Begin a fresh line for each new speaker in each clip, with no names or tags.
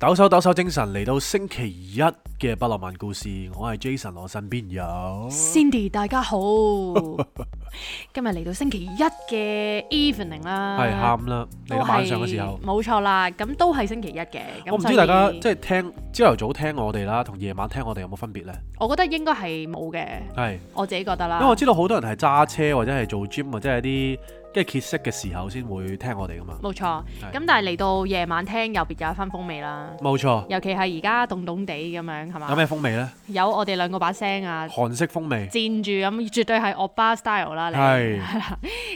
抖擻抖擻精神嚟到星期一嘅不浪漫故事，我係 Jason，我身邊有
Cindy，大家好。 今日嚟到星期一嘅 evening 啦、哦，係喊啦，
嚟到是晚上嘅時候，
冇錯啦，咁都係星期一嘅。我唔知大家以
即係聽朝頭早聽我哋啦，同夜晚聽我哋有冇分別咧？
我覺得應該係冇嘅，係是我自己覺得啦，因為我知
道好多人係揸車或者係做 gym 或者係啲。即係歇息嘅時候先會聽我哋噶嘛，
冇錯。咁但係嚟到夜晚聽又別有一番風味啦，冇錯。尤其係而家凍凍地咁樣係嘛？有咩風味咧？有我哋兩個把聲啊，韓式風味，佔住咁絕對係惡霸 style 啦。係。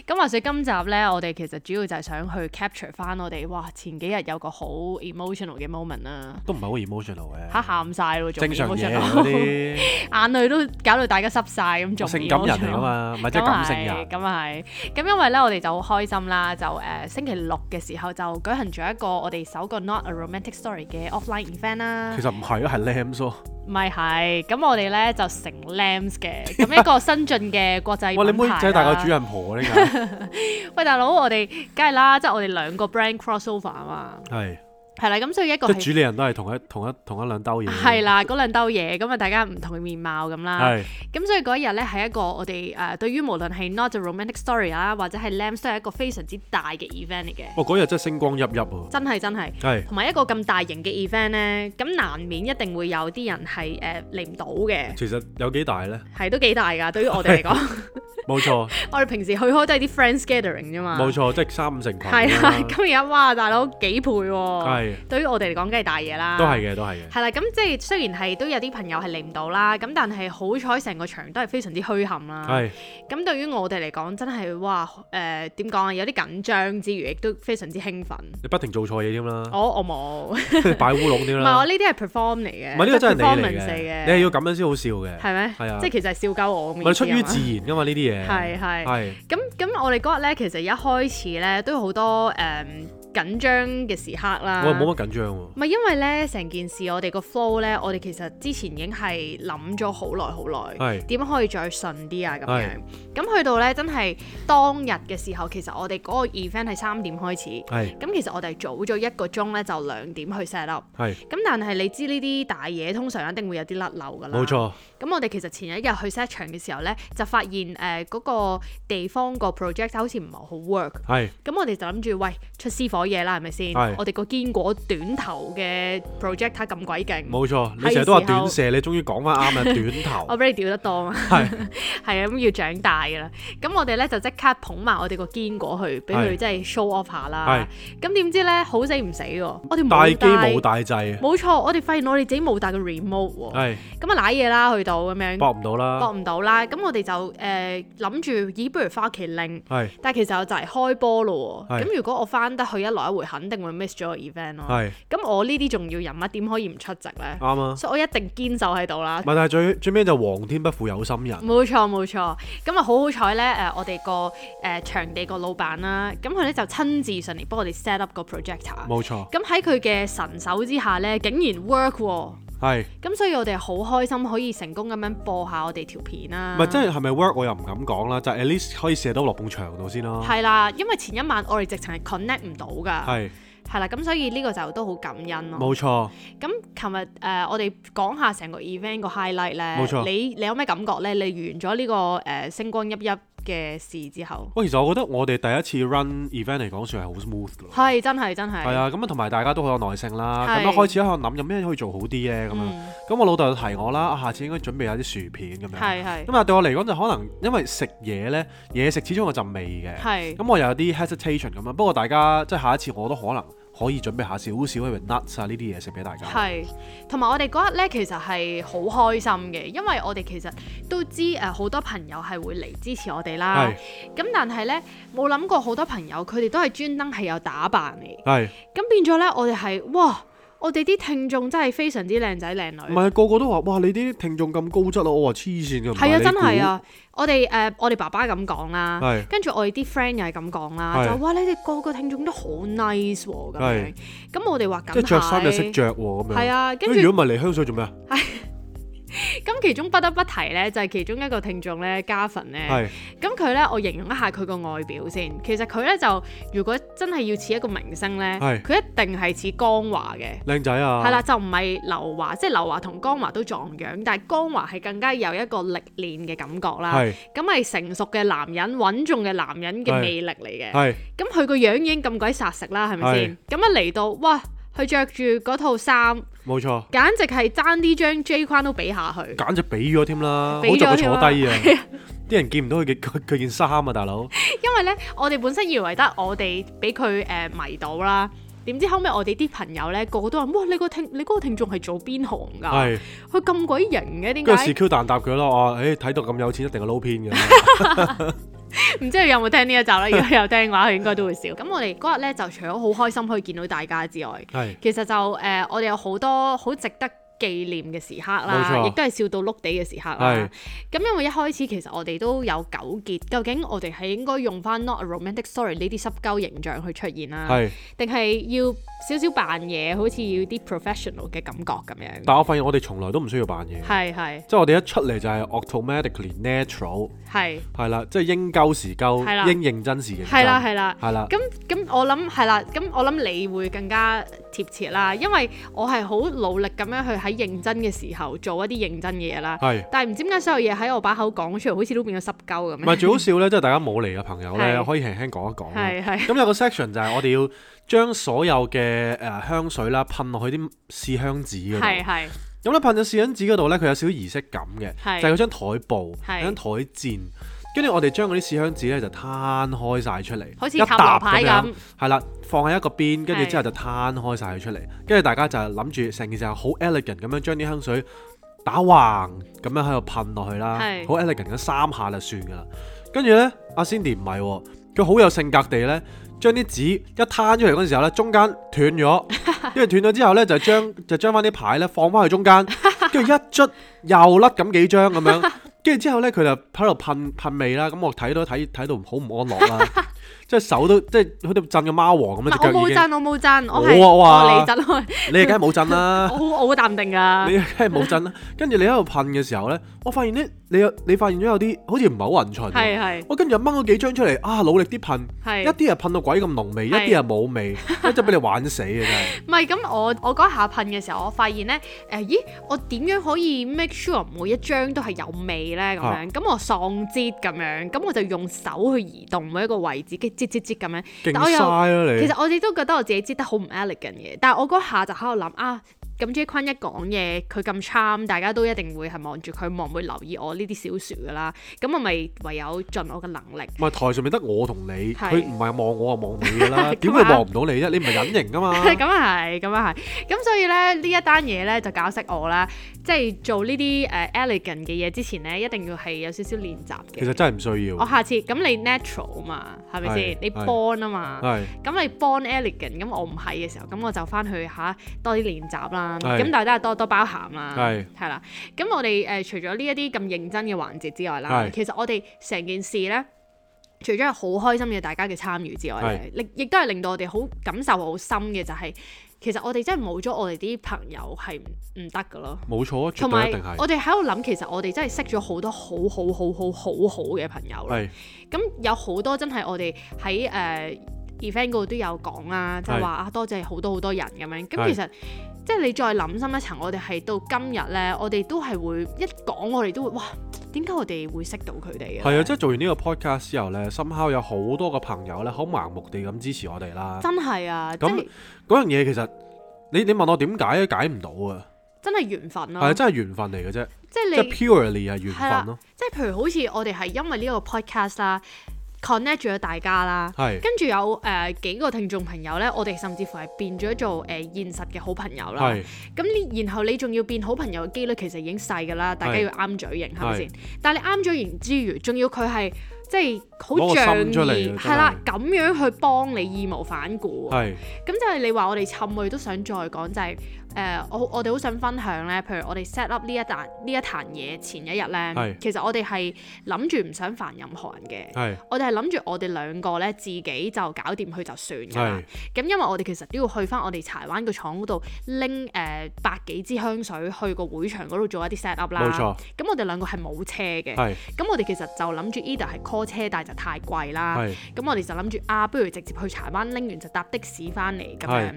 咁話説今集咧，我哋其實主要就係想去 capture 翻我哋哇，前幾日有個好 emotional 嘅 moment 啦，
都唔係好 emotional 嘅
嚇，喊晒咯，正常人嗰啲，眼淚都搞到大家濕晒，咁，做性感人嚟㗎嘛，咪即係感性人。咁啊係，咁因為咧。我哋就好開心啦，就誒、呃、星期六嘅時候就舉行咗一個我哋首個 Not a Romantic Story 嘅 offline event 啦。其
實唔係啊，係 Lams 唔
咪係，咁我哋咧就成 Lams 嘅。咁 一個新進嘅國際哇，你妹仔大個主人婆呢？架 喂，大佬，我哋梗係啦，即係、就是、我哋兩個 brand crossover 啊嘛。係。係啦，咁所以一個即係主理人
都係同一同一同一兩兜嘢。係
啦，嗰兩兜嘢咁啊，大家唔同嘅面貌咁啦。係。咁所以嗰一日咧係一個我哋誒對於無論係 Not a Romantic Story 啊，或者係 lam 都係一個非常之大嘅 event 嚟嘅。
哦，嗰日真係星光熠熠喎！
真係真係。係。同埋一個咁大型嘅 event 咧，咁難免一定會有啲人係誒嚟唔到嘅。
其實有幾大咧？
係都幾大㗎，對於我哋嚟講。
冇錯。
我哋平時去開都係啲 friends gathering 啫嘛。冇錯，
即係三五成羣。係啦，今
日哇大佬幾倍喎！係。對於我哋嚟講，梗係大嘢啦。都係嘅，都係嘅。係啦，咁即係雖然係都有啲朋友係嚟唔到啦，咁但係好彩成個場都係非常之墟冚啦。係。咁對於我哋嚟講，真係哇，誒點講啊？有啲緊張之餘，亦都非常之興奮。
你不停做錯嘢添啦。我
我冇。
擺烏龍添啦。唔係，我
呢啲係 perform 嚟嘅，唔係呢個真係 performance 嚟嘅。你係
要咁樣先好笑嘅，係咪？係啊。即係其實
係笑鳩我面。唔係出於自
然㗎嘛呢啲嘢。係係係。
咁咁，我哋嗰日咧，其實一開始咧，都有好多誒。緊張嘅時刻啦，我冇乜緊張喎。唔係因為咧，成件事我哋個 flow 咧，我哋其實之前已經係諗咗好耐好耐，點可以再順啲啊咁樣。咁去到咧，真係當日嘅時候，其實我哋嗰個 event 係三點開始，咁其實我哋早咗一個鐘咧就兩點去 set up。係，咁但係你知呢啲大嘢通常一定會有啲甩漏㗎啦。冇錯。咁我哋其實前一日去 set 場嘅時候咧，就發現誒嗰個地方個 project 好似唔係好 work。係。咁我哋就諗住喂出師火。嘢啦，係咪先？我哋個堅果短頭嘅 projector 咁鬼勁，冇錯。你成日都話短射，
你終於講翻啱啦，短頭。我俾
你屌得多啊！係係啊，咁要長大噶啦。咁我哋咧就即刻捧埋我哋個堅果去，俾佢即係 show off 下啦。咁點知咧好死唔死喎？我哋無大機無大掣，冇錯。我哋發現攞我哋自己無大個 remote 喎。係咁啊，瀨嘢啦，去到咁樣。博唔到啦！博唔到啦！咁我哋就誒諗住，咦？不如翻屋企拎。係，但係其實我就係開波咯。咁如果我翻得去一來一回肯定會 miss 咗個 event 咯，係是，咁我呢啲重要人物點可以唔出席咧？啱啊，所以我一定堅守喺度啦。問
題，最最尾就皇天不負有心人，
冇錯冇錯，咁啊好好彩咧，誒我哋個誒場地個老闆啦，咁佢咧就親自上嚟幫我哋 set up 個 projector，冇錯錯。咁喺佢嘅神手之下咧，竟然 work。係，咁所以我哋好開心可以成功咁樣播下我哋條片啦、啊。唔係，即
係係咪 work 我又唔敢講啦，就係、at least 可以射到落埲牆度先咯、啊。係
啦，因為前一晚我哋直情係 connect 唔到噶。係的，係啦，咁所以呢個就都好感恩咯、啊。冇錯錯。咁琴日誒、呃，我哋講下成個 event 個 highlight 咧。冇錯錯。你你有咩感覺咧？你完咗呢、這個誒、呃，星光熠熠。嘅事之後，
我其實我覺得我哋第一次 run event 嚟講，算係好 smooth
嘅咯。係真係真係。係啊，
咁啊，同埋大家都好有耐性啦。咁一是開始喺度諗有咩可以做好啲咧咁樣。咁、嗯、我老豆就提我啦，下次應該準備下啲薯片咁樣。咁啊，對我嚟講就可能因為食嘢咧，嘢食始終有陣味嘅。係是。咁我又有啲 hesitation 咁樣，不過大家即係下一次我都可能。可以準備下少少嘅 nuts 啊，呢啲嘢食俾大家。係，
同埋我哋嗰日咧，其實係好開心嘅，因為我哋其實都知誒、好、呃、多朋友係會嚟支持我哋啦。咁是但係咧，冇諗過好多朋友佢哋都係專登係有打扮嘅。係是。咁變咗咧，我哋係哇～我哋啲聽眾真係非常之靚仔靚女，唔
係啊，個個都話哇，你啲聽眾咁高質啊，我話黐線㗎，唔係你估？係啊，真係啊！
我哋誒、呃、我哋爸爸咁講啦，是跟住我哋啲 friend 又係咁講啦，是就話哇你哋個個聽眾都好 nice 喎，咁咁我哋話咁着衫就識着
喎咁樣，係啊，啊，跟住如果唔係嚟香水做咩啊？
咁其中不得不提咧，就係、是、其中一個聽眾咧，嘉粉咧。咁佢咧，我形容一下佢個外表先。其實佢咧就，如果真係要似一個明星咧，佢是一定係似江華嘅
靚仔啊。係啦，就
唔係劉華，即係劉華同江華都撞樣，但係江華係更加有一個歷練嘅感覺啦。咁係是成熟嘅男人，穩重嘅男人嘅魅力嚟嘅。咁佢個樣已經咁鬼殺食啦，係咪先？咁是一嚟到，哇！佢着住嗰套衫，
冇錯，
簡直係爭啲將 J 框都俾下去，
簡直俾咗添啦，好在佢坐低啊！啲人見唔到佢嘅佢佢件衫啊，大佬。
因為咧，我哋本身以為得我哋俾佢誒迷倒啦，點知後尾我哋啲朋友咧個個都話：哇，你個聽你嗰個聽眾係做邊行㗎？係佢咁鬼型嘅點解？跟住
Q 彈答佢咯，我誒睇到咁有錢，一定係撈偏嘅。
唔 知你有冇聽呢一集啦， 如果有聽嘅話，佢應該都會笑。咁 我哋嗰日咧就除咗好開心可以見到大家之外， 其實就誒、呃，我哋有好多好值得紀念嘅時刻啦，亦都係笑到碌地嘅時刻啦。咁因為一開始其實我哋都有糾結，究竟我哋係應該用返 Not a Romantic Story 呢啲濕鳩形象去出現啦，定係要少少扮嘢，好似要啲 professional 嘅感覺咁樣。
但我發現我哋從來都唔需要扮嘢，
係係，即
係我哋一出嚟就係 automatically natural，係係啦，即係應鳩時鳩，應認真時認真，係啦係啦，係啦。咁
咁我諗係啦，咁我諗你會更加貼切啦，因為我係好努力咁樣去喺認真嘅時候做一啲認真嘅嘢啦。係是，但係唔知點解所有嘢喺我把口講出嚟，好似都變咗濕鳩咁。唔係最好
笑咧， 即係大家冇嚟嘅朋友咧，是可以輕輕講一講。係係。咁有個 section 就係我哋要將所有嘅誒香水啦噴落去啲試香紙度。係係。咁咧噴到試香紙嗰度咧，佢有少少儀式感嘅，是就係嗰張台布、嗰是張台墊。跟住我哋將嗰啲試香紙咧就攤開晒出嚟，一沓牌咁樣，係啦樣、嗯，放喺一個邊，跟住之後就攤開晒佢出嚟。跟住大家就係諗住成件事好 elegant 咁樣將啲香水打橫咁樣喺度噴落去啦，好的 elegant 咁三下就算噶啦。跟住咧，阿、啊、Cindy 唔係喎、哦，佢好有性格地咧，將啲紙一攤出嚟嗰陣時候咧，中間斷咗，跟住斷咗之後咧就將就將翻啲牌咧放翻去中間，跟住 一捽又甩咁幾張咁樣。 跟住之後呢，佢就喺度噴噴味啦，咁、嗯、我睇都睇睇到好唔安樂啦。 即手都即係好似震個貓王咁樣，唔係我冇震，
我冇震，我係我離得開。你梗係冇
震啦。我好
我好淡定㗎。你梗
係冇震啦。跟住你喺度噴嘅時候咧，
我發現咧，
你你發現咗有啲好似唔係好均勻。係係。我跟住又掹咗幾張出嚟啊！努力啲噴，一啲人噴到鬼咁濃味，一啲人冇味，一陣俾你玩死啊！真係。
唔係咁，我我嗰下噴嘅時候，我發現咧，誒咦，我點樣可以 make sure 每一張都係有味咧？咁樣咁我喪節咁樣，咁我就用手去移動每一個位置，跟折折折咁樣，但係我又、啊、其實我自己都覺得我自己折得好唔 elegant 嘅，但係我嗰下就喺度諗啊。咁 J 坤一講嘢，佢咁 charm，大家都一定會係望住佢，望唔會留意我呢啲小說噶啦。咁我咪唯有盡我嘅能力。
唔係台上面得我同你，佢唔係望我啊望你噶啦，點會望唔到你啫？你唔係隱形噶嘛？咁
啊係，咁啊係。咁所以咧呢一單嘢咧就教識我啦。即係做呢啲誒 elegant 嘅嘢之前咧，一定要係有少少練習嘅。其實
真係唔需要。我下
次咁你 natural 啊嘛，係咪先？你 born 啊嘛，咁你 born elegant，咁我唔係嘅時候，咁我就翻去嚇多啲練習啦。咁大家多多包涵啦、啊，係啦的。咁我哋誒、呃、除咗呢一啲咁認真嘅環節之外啦，的其實我哋成件事咧，除咗係好開心嘅大家嘅參與之外亦的亦都係令到我哋好感受好深嘅，就係其實我哋真係冇咗我哋啲朋友係唔得噶咯。
冇錯，同埋我哋
喺度諗，其實我哋真係識咗好多好好好好好好嘅朋友。咁的有好多真係我哋喺誒。呃 event 都有講啊，即係話啊，的多謝好多好多人咁樣。咁其實的即係你再諗深一層，我哋係到今日咧，我哋都係會一講，我哋都會哇，點解我哋會識到佢哋嘅？係啊，
即係做完個呢個 podcast 之後咧，somehow 有好多個朋友咧，好盲目地咁支持我哋啦。真
係啊！咁
嗰那是樣嘢其實你你問我點解咧，解唔到啊？
真係緣分咯，係
真係緣分嚟嘅啫。即係即係 purely 係緣分咯、啊。
即係譬如好似我哋係因為呢個 podcast 啦。connect 咗大家啦，跟住是有誒、呃、幾個聽眾朋友咧，我哋甚至乎係變咗做誒、呃、現實嘅好朋友啦。咁是你然後你仲要變好朋友嘅機率其實已經細㗎啦，大家要啱嘴型係咪先？但係你啱嘴型之餘，仲要佢係。即係好仗義，係啦，咁樣去幫你義無反顧，係是，咁就係你話我哋摵，我哋都想再講就係、是、誒、呃、我我哋好想分享咧。譬如我哋 set up 呢一壇呢一壇嘢前一日咧，係是，其實我哋係諗住唔想煩任何人嘅，係是，我哋係諗住我哋兩個咧自己就搞掂佢就算㗎啦。咁是因為我哋其實都要去翻我哋柴灣個廠度拎誒百幾支香水去個會場嗰度做一啲 set up 啦。冇錯，咁我哋兩個係冇車嘅。係，咁我哋其實就諗住 Eddie 係 call。車貸就太貴啦，咁是 我哋就諗住啊，不如直接去柴灣拎完就搭的士翻嚟咁樣。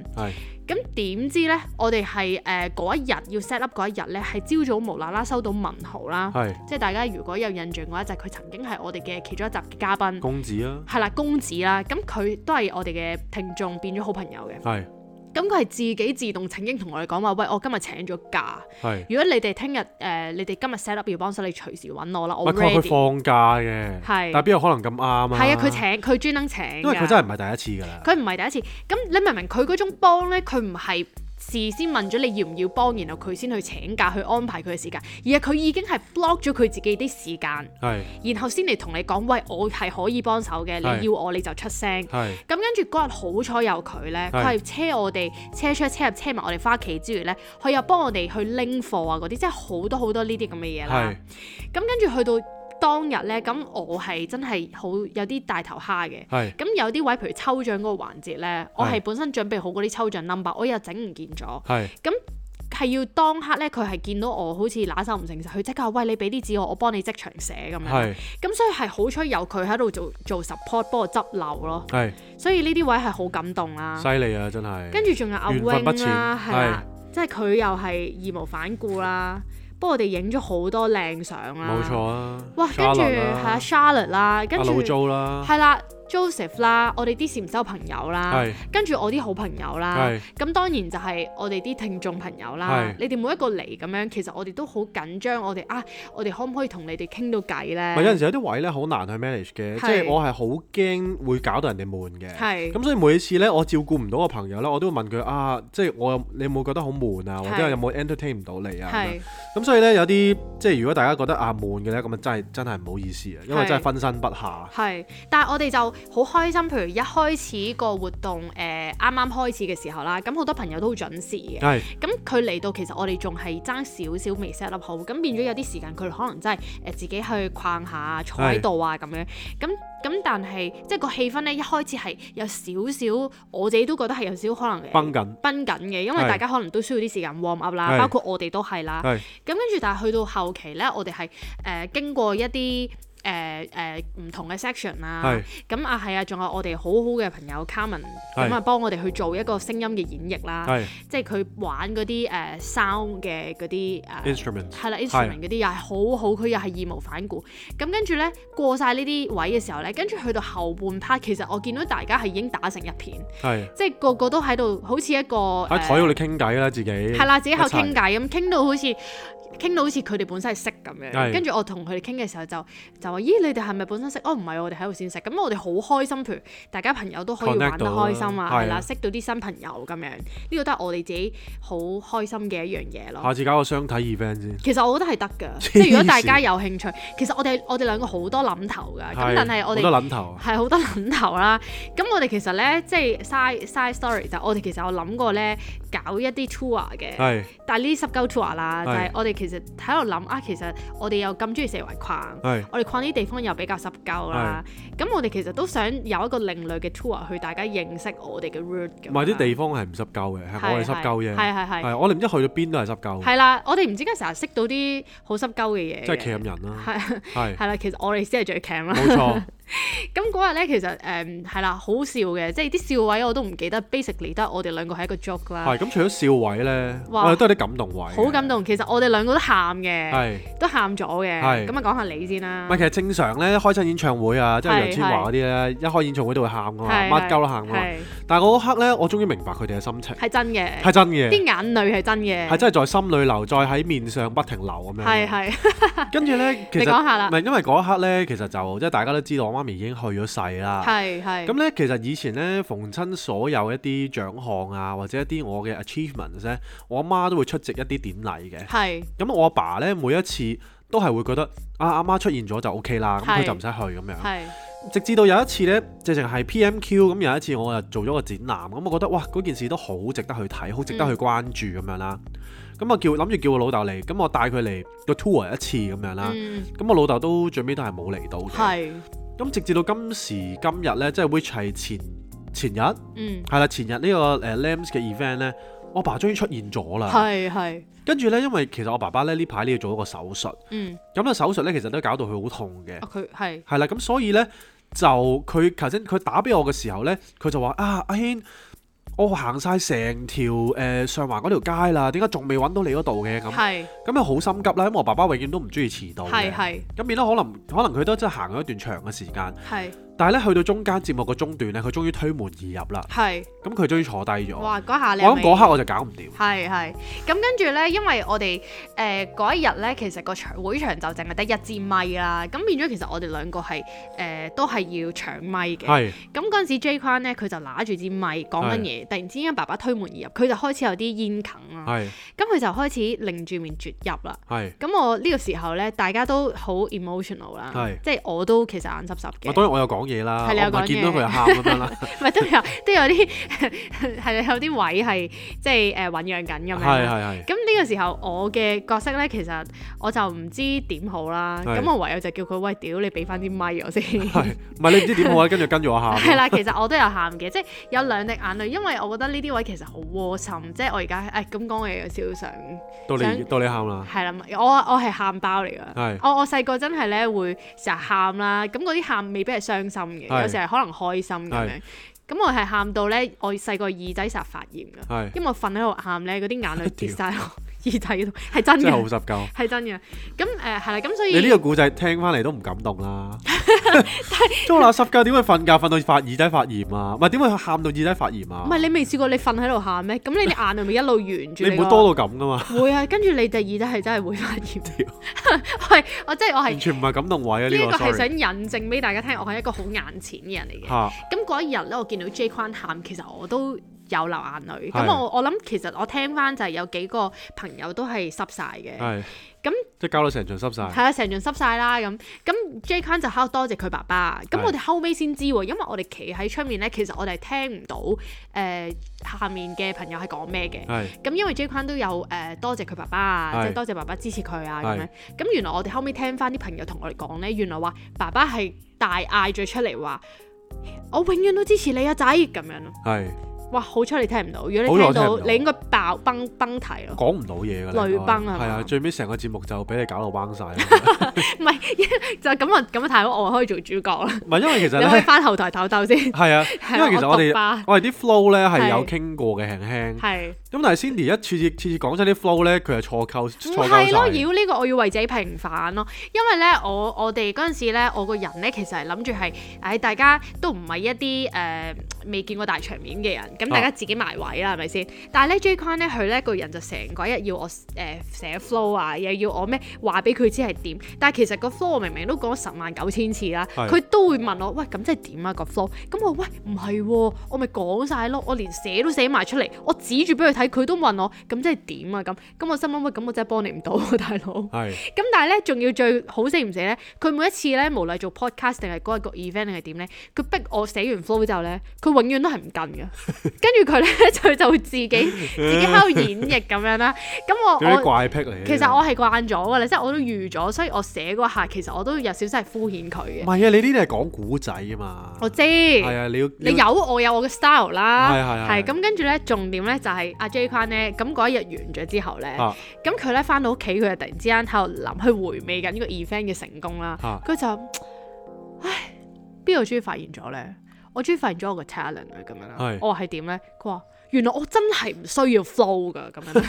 咁點是是 知呢？我哋係誒嗰一日要 set up 嗰一日咧，係朝早無啦啦收到文豪啦，是 即係大家如果有印象嘅話，就係佢、是、曾經係我哋嘅其中一集嘅嘉賓公、子、啊、公子啦，係啦公子啦，咁佢都係我哋嘅聽眾變咗好朋友嘅。咁佢係自己自動請纓同我哋講話，喂，我今日請咗假。係是，如果你哋聽日誒，你哋今日 set up 要幫手，你隨時揾我啦，可我 ready。佢放
假嘅，係是，但係邊有可能咁啱啊？係啊，佢請，
佢專登請。因為佢真
係唔係第一次㗎啦。
佢唔係第一次。咁你明唔明佢嗰種幫咧？佢唔係。事先問咗你要唔要幫，然後佢先去請假去安排佢嘅時間，而係佢已經係 block 咗佢自己啲時間，是然後先嚟同你講，喂，我係可以幫手嘅，是你要我你就出聲，係是，咁跟住嗰日好彩有佢呢，佢係車我哋是車出車，車入車埋我哋返屋企，之餘呢，佢又幫我哋去拎貨啊嗰啲，即係好多好多呢啲咁嘅嘢啦，係是，咁跟住去到。當日咧，咁我係真係好有啲大頭蝦嘅。係咁有啲位，譬如抽獎嗰個環節咧，我係本身準備好嗰啲抽獎 number，我又整唔見咗。係咁係要當刻咧，佢係見到我好似揦手唔成勢，佢即刻喂，你俾啲紙我，我幫你即場寫咁樣。係咁，所以係好彩有佢喺度做做 support 幫我執漏咯。所以呢啲位係好感動啊！犀
利啊，真係！跟住仲有阿 Wing 啦，係啊，即
係佢又係義無反顧啦。不過我哋影咗好多靚相啦，冇錯啊！
哇，跟住係啊
，Charlotte 啦，跟住，係啦。Joseph 啦，我哋啲善心朋友啦，跟住我啲好朋友啦，咁當然就係我哋啲聽眾朋友啦。你哋每一個嚟咁樣，其實我哋都好緊張，我哋啊，我哋可唔可以同你哋傾到偈咧？有陣時有啲位
咧，好難去 manage 嘅，即係我係好驚會搞到人哋悶嘅。咁，所以每次咧，我照顧唔到個朋友咧，我都會問佢啊，即係我你有冇覺得好悶啊，或者有冇 entertain 唔到你啊？咁，所以咧有啲即係如果大家覺得啊悶嘅咧，咁啊真係真係唔好意思啊，因為真係分身不下。
係，但係我哋就。好開心，譬如一開始個活動，誒啱啱開始嘅時候啦，咁、嗯、好多朋友都好準時嘅。咁佢嚟到其實我哋仲係爭少少未 set 好，咁變咗有啲時間佢可能真係誒自己去逛下、坐喺度啊咁樣。咁、嗯、咁、嗯、但係即係個氣氛咧，一開始係有少少，我自己都覺得係有少少可能嘅。崩緊，崩嘅，因為大家可能都需要啲時間 warm up 啦是，包括我哋都係啦。係是。咁跟住，嗯、但係去到後期咧，我哋係誒經過一啲。誒誒唔同嘅 section 啦，咁啊係啊，仲有我哋好好嘅朋友 Carmen 咁啊幫我哋去做一個聲音嘅演繹啦，即係佢玩嗰啲誒 sound 嘅嗰啲誒
instrument，係啦 instrument 嗰
啲又係好好，佢又係義無反顧，咁跟住咧過晒呢啲位嘅時候咧，跟住去到後半 part，其實我見到大家係已經打成一片，即係個個都喺度好似一個喺台度
你傾偈啦自己，係啦自己喺度傾偈，
咁傾到好似傾到好似佢哋本身係識咁樣，跟住我同佢哋傾嘅時候就就。咦，你哋係咪本身識？哦，唔係，我哋喺度先識。咁我哋好開心，譬如大家朋友都可以玩得開心啊，係啦，識到啲新朋友咁樣，呢個都係我哋自己好開心嘅一樣嘢咯。下
次搞個相睇 event 先。
其實我覺得係得㗎，即係如果大家有興趣，其實我哋我哋兩個好多諗頭㗎。咁但係我哋好多諗頭係好多諗頭啦。咁我哋其實咧，即係 side side story 就我哋其實有諗過咧，搞一啲 tour 嘅。係。但係呢啲 go tour 啦，就係我哋其實喺度諗啊。其實我哋又咁中意四圍逛，我哋。啲地方又比較濕鳩啦，咁是我哋其實都想有一個另類嘅 tour 去大家認識我哋嘅 root 嘅。唔係啲地
方係唔濕鳩嘅，係我哋濕鳩嘢。係係係，是是是是，我哋唔知去咗邊都係濕鳩。係啦，
我哋唔知點解成日識到啲好濕鳩嘅嘢。即係
騎暗人啦、啊。
係係、啊、是啦，其實我哋先係最強啦。冇錯。 咁嗰日咧，其實誒係啦，好笑嘅，即係啲笑位我都唔記得，basically 得我哋兩個係一個 joke 啦。係咁，
除咗笑位咧，都有啲感動位，好
感動。其實我哋兩個都喊嘅，都喊咗嘅。係咁啊，講下你先啦。唔係，
其實正常咧，開親演唱會啊，即係楊千嬅嗰啲咧，一開演唱會都會喊噶嘛，乜鳩都喊噶嘛。但係我嗰刻咧，我終於明白佢哋嘅心情，係真嘅，係真嘅，啲
眼淚係真嘅，係
真係在心裏流，再喺面上不停流咁樣。係
係。跟住咧，其實講下啦，唔係
因為嗰刻咧，其實就即係大家都知道。媽咪已經去咗世啦。係
係。咁咧，
其實以前咧，逢親所有一啲獎項啊，或者一啲我嘅 achievements 咧，我阿媽，媽都會出席一啲典禮嘅。係是。咁我阿爸咧，每一次都係會覺得啊，阿、啊、媽，媽出現咗就 OK 啦，咁、嗯、佢是就唔使去咁樣。係是。直至到有一次咧，直情係 PMQ 咁，有一次我又做咗個展覽，咁我覺得哇，嗰件事都好值得去睇，好值得去關注咁樣啦。咁啊、嗯，我叫諗住叫我老豆嚟，咁我帶佢嚟個 tour 一次咁樣啦。咁、嗯、我老豆都最尾都係冇嚟到是。係。咁直至到今時今日咧，即係 which 係前前日，嗯，係啦，前日個呢個誒 Lambs 嘅 event 咧，我爸終於出現咗啦，係係。跟住咧，因為其實我爸爸咧呢排呢要做咗個手術，嗯，咁啊手術咧其實都搞到佢好痛嘅，佢係係啦，咁所以咧就佢頭先佢打俾我嘅時候咧，佢就話啊阿軒。我行晒成條誒、呃、上環嗰條街啦，點解仲未揾到你嗰度嘅？咁咁又好心急啦，因為我爸爸永遠都唔中意遲到嘅。係
係。咁變
咗可能可能佢都真係行咗一段長嘅時間。係。但係咧，去到中間節目個中段咧，佢終於推門而入啦。係是。咁佢、嗯、終於坐低咗。哇！
嗰下你有冇，我諗嗰刻
我就搞唔掂。
係係。咁跟住咧，因為我哋誒嗰一日咧，其實個場會場就淨係得一支咪啦。咁、嗯、變咗其實我哋兩個係誒、呃、都係要搶咪嘅。咁嗰陣時 J Kwan 咧，佢就拿住支咪講緊嘢，是突然之間爸爸推門而入，佢就開始有啲煙 k i 啦。咁佢是就開始擰住面啜泣啦。咁是我呢個時候咧，大家都好 emotional 啦。即係是是我都其實眼濕濕嘅。我當
然我有講。嘢啦，咪見到佢
又喊咁樣啦，咪都有，都有啲係有啲位係即係誒醞釀緊咁樣，咁呢個時候我嘅角色咧，其實我就唔知點好啦。咁我唯有就叫佢喂，屌你俾翻啲咪我先。係，唔係你唔知點好啊？跟
住跟住我喊。係啦，
其實我都有喊嘅，即係有兩滴眼淚，因為我覺得呢啲位其實好窩心。即係我而家誒咁講嘢有少少想。到你
到你喊啦。
係啦，我我係喊包嚟㗎。我我細個真係咧會成日喊啦。咁嗰啲喊未必係傷心嘅，是有時係可能開心咁樣，咁是我係喊到咧，我細個耳仔成日發炎噶，是因為我瞓喺度喊咧，嗰啲眼淚跌晒落耳仔度，係 真嘅，真係好濕鳩，係真嘅。咁誒係啦，咁、呃、所以你呢個
故仔聽翻嚟都唔感動啦。做垃圾噶，點 但 會瞓覺瞓到發耳仔發炎啊？唔係點會喊到耳仔發炎啊？唔係
你未試過你瞓喺度喊咩？咁你啲眼淚咪一路沿住？ 你唔會多到咁噶嘛？會啊，跟住你隻耳仔係真係會發炎添、 哎。我即係我係完
全唔係感動位啊！呢、呢個係、呢個、想
引證俾大家聽，我係一個好眼淺嘅人嚟嘅。咁嗰哈一日咧，我見到 J 君喊，其實我都有流眼淚。咁的我我諗其實我聽翻就係有幾個朋友都係濕晒嘅。的咁、嗯、
即係搞到成場濕晒，係啊、
嗯，成場濕晒啦咁。咁、嗯嗯、Jay Khan 就考多謝佢爸爸。咁的我哋後尾先知喎，因為我哋企喺出面咧，其實我哋係聽唔到誒、呃、下面嘅朋友係講咩嘅。咁的，因為 Jay Khan 都有誒多、呃、謝佢爸爸，即係多謝爸爸支持佢啊咁樣。咁的、嗯、原來我哋後尾聽翻啲朋友同我哋講咧，原來話爸爸係大嗌咗出嚟話：我永遠都支持你啊仔咁樣。係。哇！好彩你聽唔到，如果你聽到，聽到你應該爆崩崩堤咯。
講唔到嘢㗎，淚崩啊！係啊，最尾成個節目就俾你搞到崩晒！
唔係，就咁啊咁啊太好，我可以做主角啦。
唔係，因為其實你可以返
後台唞唞先。係啊，因為其實我哋我哋
啲 flow 咧係有傾過嘅，輕輕是。係是。咁但係 Cindy 一次次次次講出啲 flow 咧，佢係錯構唔係咯，如果
呢個我要為自己平反咯，因為咧我我哋嗰陣時咧，我個人咧其實係諗住係，唉大家都唔係一啲誒未見過大場面嘅人，咁大家自己埋位啦，係咪先？但係咧 Jianquan 咧佢咧個人就成鬼日要我誒、呃、寫 flow 啊，又要我咩話俾佢知係點？但係其實個 flow 我明明都講十萬九千次啦，佢係都會問我，喂，咁即係點啊個 flow？咁我喂，唔係、哦，我咪講晒咯，我連寫都寫埋出嚟，我指住俾佢。睇佢都問我，咁即係點啊？咁咁我心諗，喂，咁我真係幫你唔到喎，大佬。係。咁但係咧，仲要最好死唔死咧？佢每一次咧，無論做 podcast 定係嗰個 event 定係點咧，佢逼我寫完 flow 之後咧，佢永遠都係唔跟嘅。跟住佢咧，佢就會自己自己喺度演繹咁樣啦。咁我有啲怪
癖嚟。其實我係
慣咗㗎啦，即係我都預咗，所以我寫嗰下其實我都有少少係敷衍佢嘅。唔
係啊，你呢啲係講古仔啊嘛。
我知。
係啊，你要你有
我有我嘅 style 啦。係係係。係咁，跟住咧，重點咧就係啊。J 翻咧，咁嗰一日完咗之後咧，咁佢咧翻到屋企，佢就突然之間喺度諗，去回味緊呢個 event 嘅成功啦。佢、啊、就，唉，邊度終於發現咗咧？我終於發現咗我個 talent 啊！咁是樣啦，我話係點咧？佢話。原來我真係唔需要 flow 噶咁樣，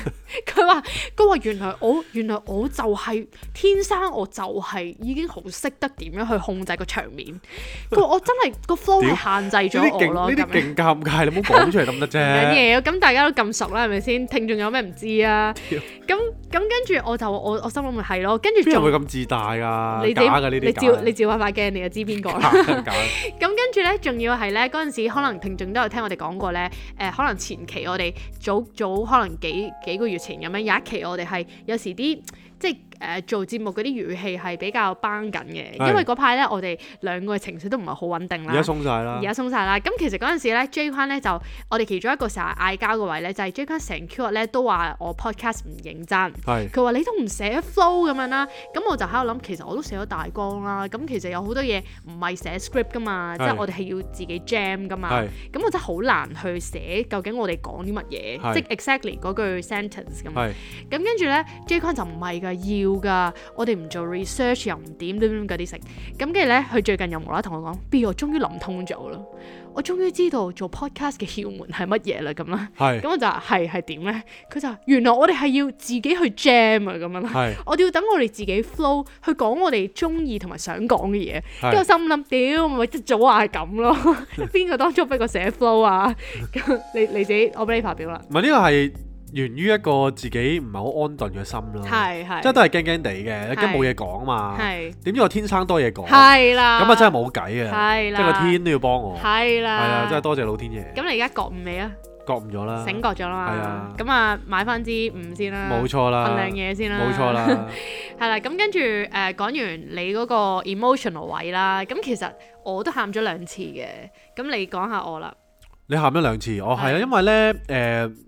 佢話佢話原來我原來我就係、是、天生我就係已經好識得點樣去控制個場面。佢話 我真係個 flow 係限制咗我咯。呢啲勁
尷尬樣，你唔好講出嚟得唔得啫？啲嘢
咁大家都咁熟啦，係咪先？聽眾有咩唔知啊？咁咁 跟住我就我我心諗咪係咯，跟住邊個會
咁自大啊？你照你照
一塊鏡你就知邊個啦。咁跟住咧，仲要係咧嗰陣時，可能聽眾都有聽我哋講過咧，誒、呃、可能。前期我哋早早可能幾幾個月前咁樣，有一期我哋係有時啲即係。誒、呃、做節目嗰啲語氣係比較繃緊嘅，是因為嗰排咧我哋兩個嘅情緒都唔係好穩定啦。而家鬆
晒啦，而家鬆
晒啦。咁其實嗰陣時咧，Jay 坤咧就我哋其中一個成日嗌交嘅位咧，就係 Jay 坤成 Q 樂咧都話我 podcast 唔認真，佢話是你都唔寫 flow 咁樣啦。咁我就喺度諗，其實我都寫咗大綱啦。咁其實有好多嘢唔係寫 script 㗎嘛，即係是我哋係要自己 jam 㗎嘛。咁是我真係好難去寫究竟我哋講啲乜嘢，即係是 exactly 嗰句 sentence 咁。咁跟住咧，Jay 坤就唔係㗎，要。要噶，我哋唔做 research 又唔點，點點嗰啲食。咁跟住咧，佢最近又無啦啦同我講，B，我終於諗通咗啦，我終於知道做 podcast 嘅竅門係乜嘢啦，咁啦。係。咁我就話係係點咧？佢就話原來我哋係要自己去 jam 啊，咁樣啦。係。我哋要等我哋自己 flow 去講我哋中意同埋想講嘅嘢。係。跟住我心諗，屌，咪即早話係咁咯，邊個當初俾個寫 flow 啊？咁，你你自己，我俾你發表啦。
唔係呢個係。源於一個自己唔係好安頓嘅心啦，即係都係驚驚地嘅，驚冇嘢講啊嘛。點知我天生多嘢講，咁啊真係冇計啊，即係個天都要幫我。係啦，係啊，真係多謝老天爺。
咁你而家覺悟未啊？
覺悟咗啦，醒覺咗啦嘛。咁
啊，買翻支五先啦，冇錯啦，份靚嘢先啦，冇錯啦。係啦，咁跟住誒，講完你嗰個 emotional 位啦，咁其實我都喊咗兩次嘅。咁你講下我啦，
你喊咗兩次，我係啊，因為咧誒。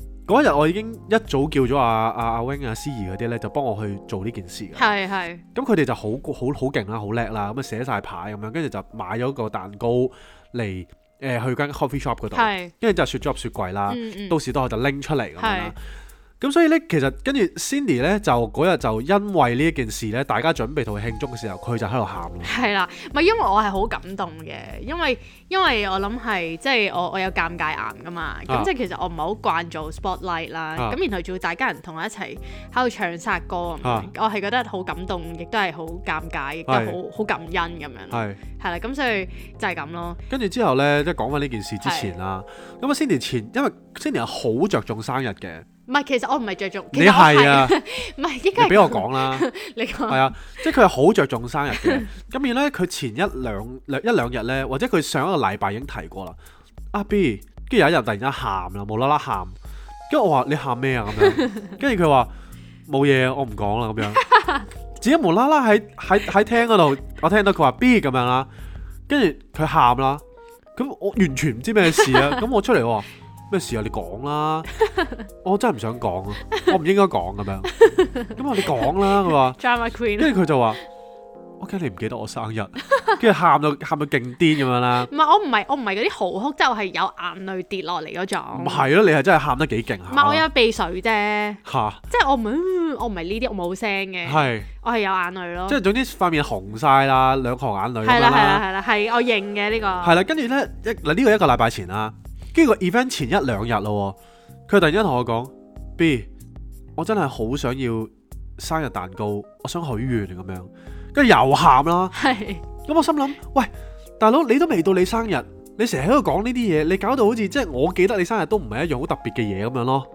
嗰日我已經一早叫咗阿阿阿 wing 阿詩儀嗰啲咧，就幫我去做呢件事嘅。係係是是。咁佢哋就好好好勁啦，好叻啦，咁啊寫晒牌咁樣，跟住就買咗個蛋糕嚟誒、呃、去間 coffee shop 嗰度，跟住是 就雪咗入雪櫃啦。嗯嗯，到時都我就拎出嚟咁樣啦。是是咁、嗯、所以咧，其實跟住 Cindy 咧，就嗰日就因為呢一件事咧，大家準備同佢慶祝嘅時候，佢就喺度喊咯。
係啦，咪因為我係好感動嘅，因為因為我諗係即係我我有尷尬癌噶嘛，咁即係其實我唔係好慣做 spotlight 啦，咁、啊、然後仲要大家人同我一齊喺度唱生日歌，啊、我係覺得好感動，亦都係好尷尬，亦都好好感恩咁樣。係係啦，咁、啊、所以就係咁咯。
跟住之後咧，即係講翻呢件事之前啦，咁啊 Cindy 前，因為 Cindy 係好着重生日嘅。
唔係，其實我唔係着重。你係啊，唔係，應該係。你俾我講啦， 你講。係啊，
即係佢係好着重生日嘅，咁而咧，佢前一兩兩一兩日咧，或者佢上一個禮拜已經提過啦。阿、啊、B，跟住有一日突然間喊啦，無啦啦喊，跟住我話你喊咩啊咁樣，跟住佢話冇嘢，我唔講啦咁樣，只係無啦啦喺喺喺廳嗰度，我聽到佢話 B 咁樣啦，跟住佢喊啦，咁我完全唔知咩事啊，咁 我出嚟話。咩事啊？你講啦！我真係唔想講啊！我唔應該講咁樣。咁啊，你講啦！佢話，跟住佢就話：OK，你唔記得我生日？跟住喊到喊到勁癲咁樣啦！
唔係我唔係我唔係嗰啲嚎哭，即係我係有眼淚跌落嚟嗰種。唔係
咯，你係真係喊得幾勁吓！唔係
我有鼻水啫吓！即係我唔，我唔係呢啲，我冇聲嘅。係我係有眼淚咯，即係
總之塊面紅晒啦，兩行眼淚。係啦係
啦係啦，係我認嘅呢個。係
啦，跟住咧，嗱呢個一個禮拜前啦。跟住個 event 前一兩日咯，佢突然間同我講：B，ee, 我真係好想要生日蛋糕，我想許願嚟咁樣。跟住又喊啦，咁 我心諗：喂，大佬你都未到你生日，你成日喺度講呢啲嘢，你搞到好似即係我記得你生日都唔係一樣好特別嘅嘢咁樣咯。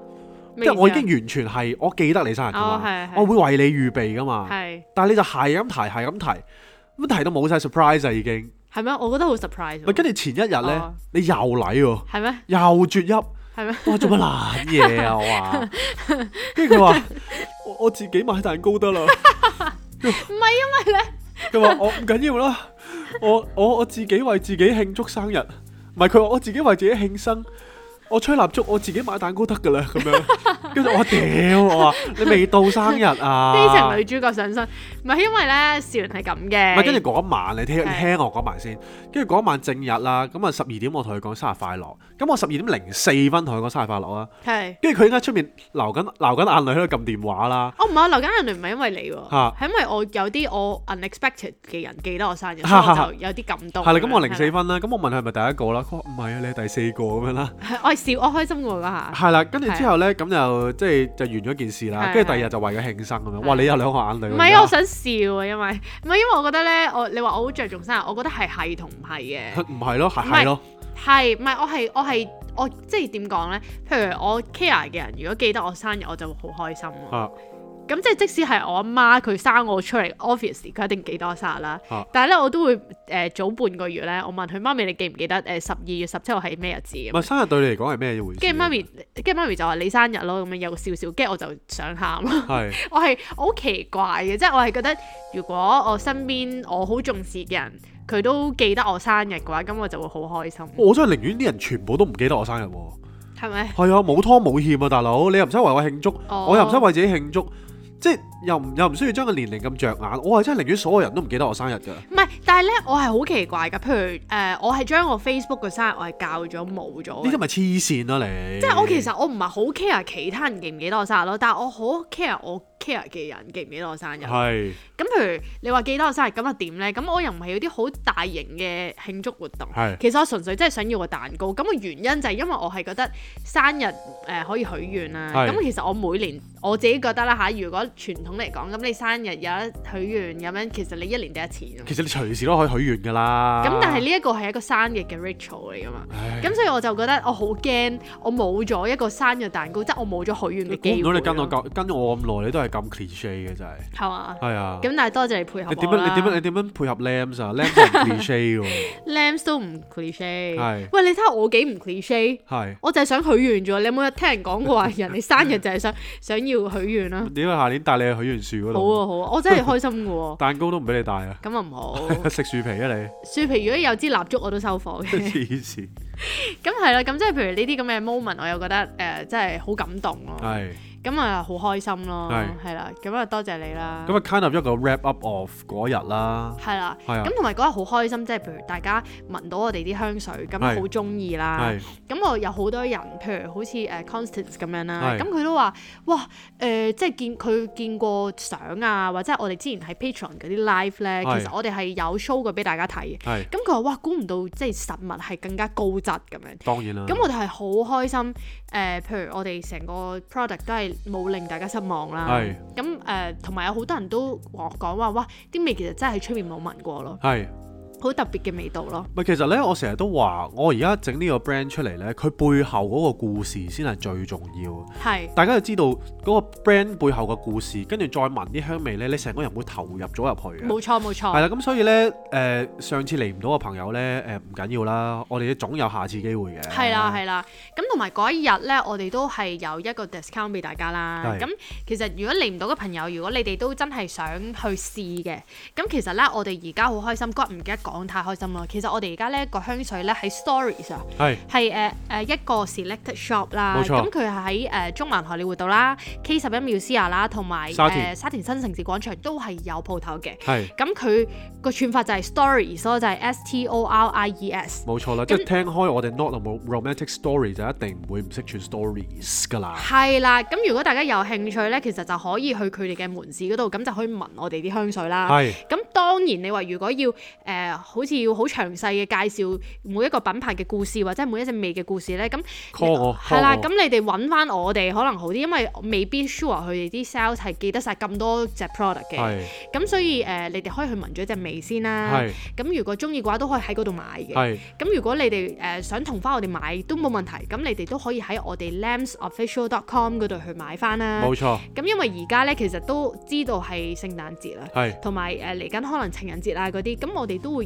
即係我已經完
全係我記得你生日噶嘛， 我會為你預備噶嘛。 但係你就係咁提，係咁提，咁提到冇晒 surprise 就已經。已經。
係咩？我覺得好 surprise。咪
跟住前一日咧，哦、你又嚟喎？
係咩嗎？又絕泣？係咩嗎？哇！做乜
爛嘢啊？ 我話說，跟住佢話，我我自己買蛋糕得啦。
唔係 因為咧，佢 話我唔緊
要啦。我我我自己為自己慶祝生日，唔係佢話我自己為自己慶生。我吹蠟燭，我自己買蛋糕得㗎啦，咁樣。跟住我屌，我話你未到生日啊！非常女
主角上身，唔係因為咧，笑完係咁嘅。唔係，跟住
嗰晚，你聽聽我講埋先，跟住嗰晚正日啦，咁啊十二點我同佢講生日快樂，咁我十二點零四分同佢講生日快樂啊。係。跟住佢應該出面流緊流緊眼淚喺度撳電話啦。
哦唔係，流緊眼淚唔係因為你喎，係因為我有啲我 unexpected 嘅人記得我生日，所以就有啲感動。係啦，咁我零四
分啦，咁我問佢係咪第一個啦，佢話唔係啊，你係第四個咁樣啦。
係。笑我開心喎嗰下，係啦，跟住之後咧，
咁就即係就完咗件事啦。跟住第二日就為咗慶生咁樣。的哇！你有兩個眼淚，唔係啊！我想
笑啊，因為唔係因為我覺得咧，我你話我好着重生日，我覺得係係同唔係嘅，
唔係咯，係係咯，
係唔係？我係我係我即係點講咧？譬如我 care 嘅人，如果記得我生日，我就會好開心咯、啊。咁即係即使係我阿媽佢生我出嚟，obviously 佢一定記得生日啦。啊、但係咧我都會誒、呃、早半個月咧，我問佢媽咪你記唔記得誒十二月十七號係咩日子？唔係
生日對你嚟講係咩回事？跟住媽咪，
跟住媽咪就話你生日咯，咁樣有少少，跟住我就想喊咯。是 我係好奇怪嘅，即係我係覺得如果我身邊我好重視嘅人，佢都記得我生日嘅話，咁我就會好開心。
我真係寧願啲人全部都唔記得我生日，係咪吧？係啊，冇拖冇欠啊，大佬，你又唔使為我慶祝，我又唔使為自己慶祝。即係又唔又唔需要將個年齡咁着眼，我係真係寧願所有人都唔記得我生日㗎。唔
係，但係咧，我係好奇怪㗎。譬如誒、呃，我係將我 Facebook 嘅生日我教，我係校咗冇咗。呢啲
咪黐線咯你？即係我其實
我唔係好 care 其他人記唔記得我生日咯，但係我好 care 我 care 嘅人記唔記得我生日。咁譬如你話記得我生日咁係。又點咧？咁我又唔係有啲好大型嘅慶祝活動。係。其實我純粹真係想要個蛋糕。咁個原因就係因為我係覺得生日誒、呃、可以許願啦、啊。係係。咁其實我每年我自己覺得啦嚇，如果傳統嚟講，咁你生日有得許願咁樣，其實你一年得一次。
其實你隨時都可以許願噶啦。咁但係呢
一個係一個生日嘅 ritual 嚟噶嘛。咁所以我就覺得我好驚，我冇咗一個生日蛋糕，即係我冇咗許願嘅機會。如果你跟
我咁，跟我咁耐，你都係咁 cliche 嘅真係。係嘛？係啊。咁但
係多謝你配合啦。你點樣？你點樣？你
點樣配合 Lambs 啊？Lambs 唔 cliche 嘅。
Lambs 都唔 cliche。係。喂，你睇下我幾唔 cliche？係。我就係想許願啫喎，你有冇聽人講過話人哋生日就係想想要許願啊？
點啊？下年。帶你去許願樹嗰度。好啊，
好啊，我真係開心嘅、啊。
蛋糕都唔俾你帶啊。咁啊唔好。食樹 皮啊你。
樹皮如果有支蠟燭，我都收貨嘅。
是是
病。咁係啦，咁即係譬如呢啲咁嘅 moment，我又覺得誒、呃，真係好感動咯、啊。係。咁啊，好開心咯，係啦的，咁啊、嗯，多謝，謝你啦。咁啊
，kind of 一個 wrap up of 嗰日啦，係啦的，咁同
埋嗰日好開心，即係譬如大家聞到我哋啲香水咁好中意啦。咁的我有好多人，譬如好似誒 Constance 咁樣啦、啊，咁佢的都話：哇，誒、呃、即係見佢見過相啊，或者我哋之前喺 Patreon 嗰啲 live 咧，的其實我哋係有 show 過俾大家睇嘅。咁佢話：哇，估唔到即係實物係更加高質咁樣。當然啦。咁我哋係好開心，誒，譬如我哋成個 product 都係。冇令大家失望啦，咁誒是，同埋、呃、有好多人都講話，哇，啲味其實真係喺出面冇聞過咯。係。好特別嘅味道咯，
係，其實咧，我成日都話，我而家整呢個 brand 出嚟咧，佢背後嗰個故事先係最重要。係，大家要知道嗰個 brand 背後嘅故事，跟住再聞啲香味咧，你成個人會投入咗入去嘅。冇
錯，冇錯。係啦，咁
所以咧，誒上次嚟唔到嘅朋友咧，誒唔緊要啦，我哋總有下次機會嘅。係啦，
係啦，咁同埋嗰一日咧，我哋都係有一個 discount 俾大家啦。咁其實如果嚟唔到嘅朋友，如果你哋都真係想去試嘅，咁其實咧，我哋而家好開心，剛唔記得講。講太開心啦！其實我哋而家咧個香水咧喺 Stories 啊，係係誒誒一個 selected shop 啦，咁佢係喺誒中環荷里活道啦，K 十一繆斯亞啦，同埋誒沙田新城市廣場都係有鋪頭嘅，係咁佢個串法就係 stories，所以就係 S T O R I E S，
冇錯啦。即係聽開我哋 not 有冇 romantic story 就一定唔會唔識串 stories 噶啦，
係啦。咁如果大家有興趣咧，其實就可以去佢哋嘅門市嗰度，咁就可以聞我哋啲香水啦。係咁，當然你話如果要誒。好似要好詳細嘅介紹每一個品牌嘅故事，或者每一隻味嘅故事咧，咁係啦，咁你哋揾翻我哋可能好啲，因為未必 sure 佢哋啲 sales 係記得晒咁多隻 product 嘅，咁所以誒你哋可以去聞咗隻味先啦。咁如果中意嘅話都可以喺嗰度買嘅。咁如果你哋誒想同翻我哋買都冇問題，咁你哋都可以喺我哋 lampsofficial.com 嗰度去買翻啦。冇錯，咁因為而家咧，其實都知道係聖誕節啦，係，同埋誒嚟緊可能情人節啊啲，咁我哋都會。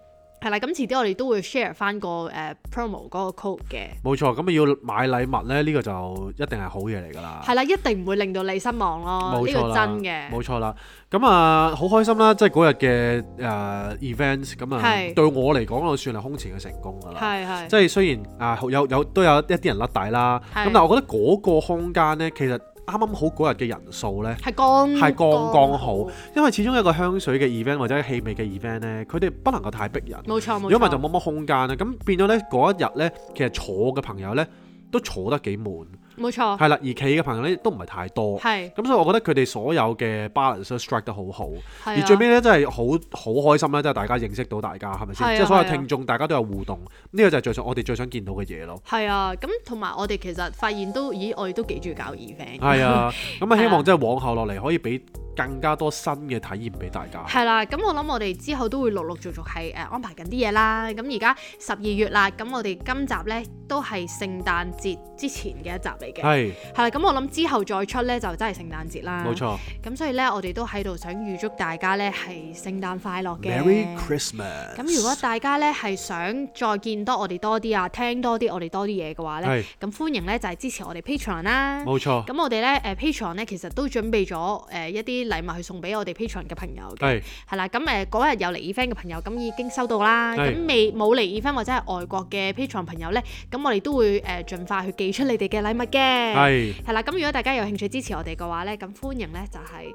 係啦，咁遲啲我哋都會 share 翻個誒、呃、promo 嗰個 code 嘅。
冇錯，咁要買禮物咧，呢、呢個就一定係好嘢嚟噶啦。係
啦，一定唔會令到你失望咯。呢個真嘅。冇
錯啦，咁啊好、嗯、開心啦，即係嗰日嘅誒 events 咁啊是對我嚟講啊算係空前嘅成功噶啦。
係係是。即
係雖然啊有有，有都有一啲人甩底啦，咁是但係我覺得嗰個空間咧其實。啱啱好嗰日嘅人數呢，係剛
係剛剛好，剛剛好。因為
始終有個香水嘅 event 或者氣味嘅 event 呢，佢哋不能夠太逼人，
冇錯，冇錯。如果唔係就
冇乜空間啦，咁變咗呢嗰一日呢，其實坐嘅朋友呢，都坐得幾滿。冇錯，係啦，而企嘅朋友咧都唔係太多，係咁是、嗯，所以我覺得佢哋所有嘅 balance 都 strike 得好好，啊、而最尾咧真係好好開心啦，即係大家認識到大家係咪先？啊、即係所有聽眾、啊、大家都有互動，呢、呢個就係最想、啊、我哋最想見到嘅嘢咯。
係啊，咁同埋我哋其實發現都咦，我哋都幾中意搞耳返。係啊，
咁啊希望即係往後落嚟可以俾。更加多新嘅體驗俾大家。係
啦，咁我諗我哋之後都會陸陸續續係誒安排緊啲嘢啦。咁而家十二月啦，咁我哋今集呢都係聖誕節之前嘅一集嚟嘅。係的。係啦，咁我諗之後再出呢就真係聖誕節啦。冇錯。咁所以呢，我哋都喺度想預祝大家呢係聖誕快樂嘅。Merry
Christmas！咁如果大
家呢係想再見多我哋多啲啊，聽多啲我哋多啲嘢嘅話呢，咁的歡迎呢就係、是、支持我哋 Patreon 啦。冇錯。咁我哋呢誒 Patreon 呢其實都準備咗誒、呃、一啲，禮物去送俾我哋 Patreon 嘅朋友嘅，係啦，咁誒嗰日有嚟 event 嘅朋友咁已經收到啦，咁未冇嚟 event 或者係外國嘅 Patreon 朋友咧，咁我哋都會誒盡快去寄出你哋嘅禮物嘅，係係啦，咁如果大家有興趣支持我哋嘅話咧，咁歡迎咧就係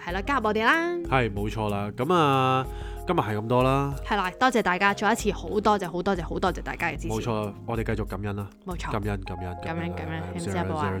誒係啦加入我哋啦，
係，冇錯啦，咁啊今日係咁多啦，
係啦，多謝大家再一次好多謝好多謝好多謝大家嘅支持，冇
錯，我哋繼續感恩啦，冇錯，感恩感恩感恩感恩，唔該晒大家。